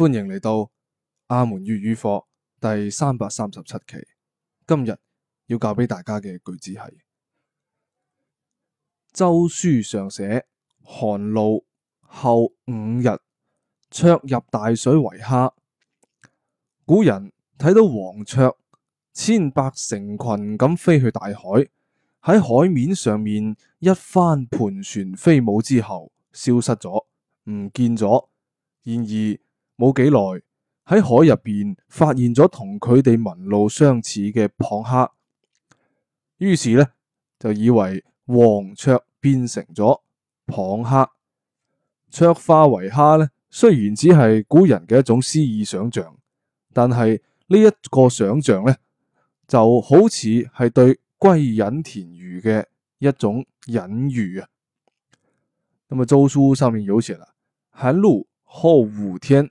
歡迎嚟到阿門粵語課第三百三十七期。今日要教俾大家嘅句子係：周書上寫，寒露後五日，雀入大水為蛤。古人睇到黃雀千百成群咁飛去大海，喺海面上面一番盤旋飛舞之後，消失咗，唔見咗。然而冇幾耐喺海入邊發現咗同佢哋紋路相似嘅蚌蛤，於是咧就以為黃雀變成咗蚌蛤，雀化為蛤咧。雖然只係古人嘅一種詩意想象，但係呢一個想象咧就好似係對歸隱田園嘅一種隱喻啊。那麼《周書》上面有寫啦，寒露，後五天。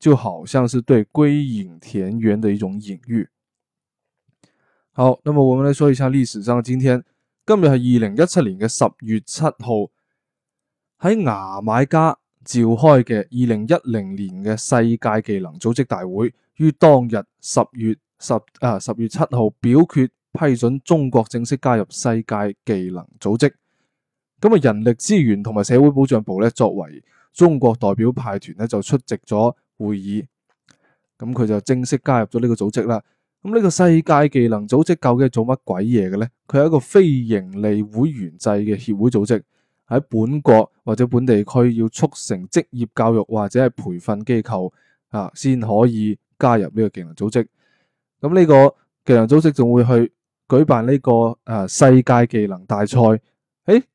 就好像是對歸隱田園的一種隱喻。好，那麼我們來說一下歷史上，今天，今日係二零一七年嘅十月七號，喺牙買加召開嘅二零一零年嘅世界技能組織大會，於當日十月十啊十月七號表決批准中國正式加入世界技能組織。咁啊，人力資源同埋社會保障部咧，作為中國代表派團咧，就出席咗。會議。咁佢就正式加入咗呢個組織啦。咁呢個世界技能組織究竟做乜鬼嘢嘅咧？佢係一個非盈利會員制嘅協會組織，喺本國或者本地區要促成職業教育或者係培訓機構啊，先可以加入呢個技能組織。咁呢個技能組織仲會去舉辦呢個誒世界技能大賽。誒，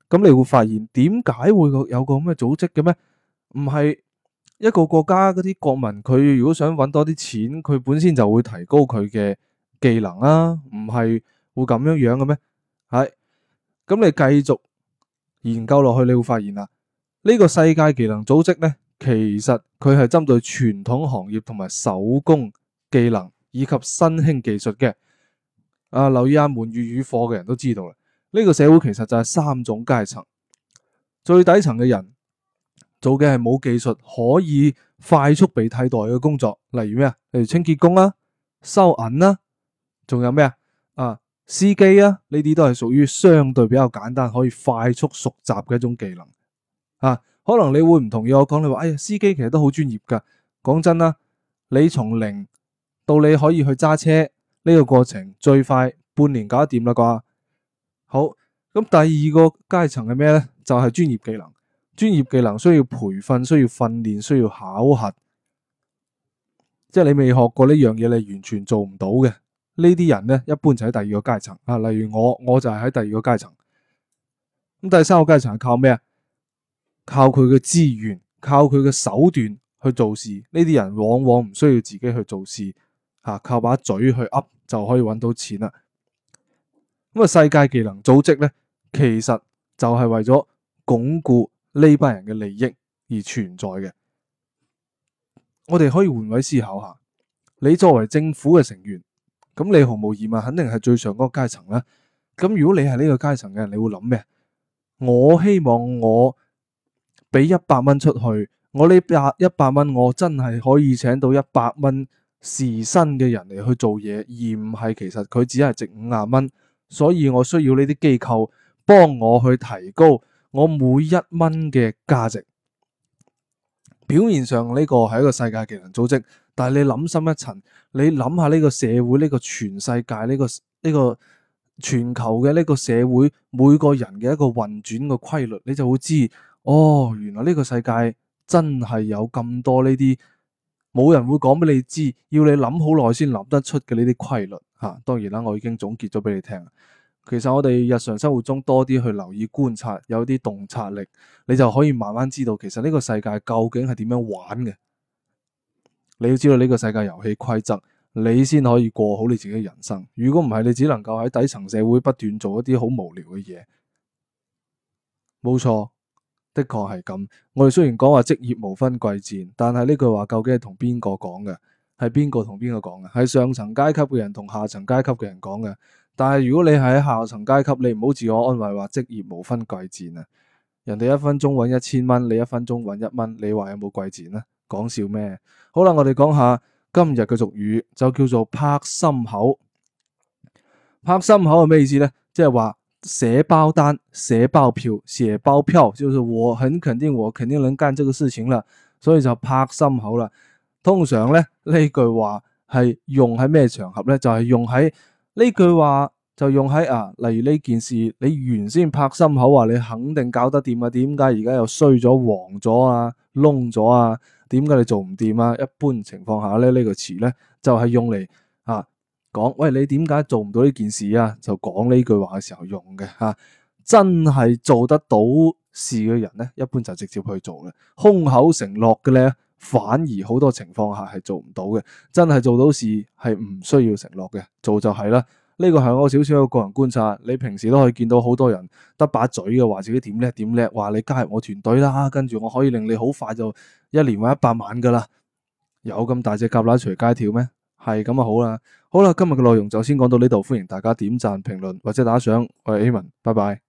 咁你會發現點解會有個咁嘅組織嘅咩？唔係。一個國家嗰啲國民，佢如果想揾多啲錢，佢本身就會提高佢嘅技能啊。唔係會咁樣樣嘅咩？係咁你繼續研究落去，你會發現啦，呢個世界技能組織咧，其實佢係針對傳統行業同埋手工技能以及新興技術嘅。啊，留意阿門粵語課嘅人都知道啦，呢個社會其實就係三種階層，最底層嘅人。做嘅係冇技術可以快速被替代嘅工作，例如咩啊？例如清潔工啦、啊、收銀啦、啊，仲有咩啊？啊，司機啊，呢啲都係屬於相對比較簡單可以快速熟習嘅一種技能啊。可能你會唔同意我講，你話哎呀，司機其實都好專業噶。講真啦，你從零到你可以去揸車呢個過程最快半年搞掂啦啩。好，咁第二個階層係咩咧？就係、是、專業技能。專業技能需要培訓、需要訓練、需要考核，即係你未學過呢樣嘢，你完全做唔到嘅。呢啲人咧，一般就喺第二個階層啊，例如我，我就係喺第二個階層。咁第三個階層係靠咩啊？靠佢嘅資源，靠佢嘅手段去做事。呢啲人往往唔需要自己去做事，吓、啊、靠把嘴去噏就可以搵到錢啦。咁啊，世界技能組織咧，其實就係為咗鞏固。呢班人嘅利益而存在嘅，我哋可以換位思考下。你作為政府嘅成員，咁你毫無疑問，肯定係最上個階層啦。咁如果你係呢個階層嘅人，你會諗咩？我希望我俾一百蚊出去，我呢百一百蚊，我真係可以請到一百蚊時薪嘅人嚟去做嘢，而唔係其實佢只係值五廿蚊。所以我需要呢啲機構幫我去提高。我每一蚊嘅價值，表面上呢個係一個世界技能組織，但係你諗深一層，你諗下呢個社會、呢個全世界、呢個呢個全球嘅呢個社會，每個人嘅一個運轉嘅規律，你就會知哦，原來呢個世界真係有咁多呢啲冇人會講俾你知，要你諗好耐先諗得出嘅呢啲規律吓，啊。當然啦，我已經總結咗俾你聽。其實我哋日常生活中多啲去留意觀察，有啲洞察力，你就可以慢慢知道其實呢個世界究竟係點樣玩嘅。你要知道呢個世界遊戲規則，你先可以過好你自己嘅人生。如果唔係，你只能夠喺底層社會不斷做一啲好無聊嘅嘢。冇錯，的確係咁。我哋雖然講話職業無分貴賤，但係呢句話究竟係同邊個講嘅？係邊個同邊個講嘅？係上層階級嘅人同下層階級嘅人講嘅？但係如果你喺下層階級，你唔好自我安慰話職業無分貴賤啊！人哋一分鐘搵一千蚊，你一分鐘搵一蚊，你話有冇貴賤咧？講笑咩？好啦，我哋講下今日嘅俗語，就叫做拍心口。拍心口係咩意思咧？即係話寫包單、寫包票、寫包票，就是我很肯定，我肯定能幹這個事情了，所以就拍心口啦。通常咧呢句話係用喺咩場合咧？就係用喺。呢句話就用喺啊，例如呢件事，你原先拍心口話你肯定搞得掂啊，點解而家又衰咗、黃咗啊、窿咗啊？點解你做唔掂啊？一般情況下咧，呢個詞咧就係用嚟啊講，喂，你點解做唔到呢件事啊？就講呢句話嘅時候用嘅吓，真係做得到事嘅人咧，一般就直接去做嘅，空口承諾嘅咧。反而好多情況下係做唔到嘅，真係做到事係唔需要承諾嘅，做就係啦。呢、這個係我少少嘅個人觀察，你平時都可以見到好多人得把嘴嘅話自己點叻點叻，話你加入我團隊啦，跟住我可以令你好快就一年揾一百萬噶啦。有咁大隻蛤乸隨街跳咩？係咁啊，好啦，好啦，今日嘅內容就先講到呢度，歡迎大家點贊、評論或者打賞。我係阿門，拜拜。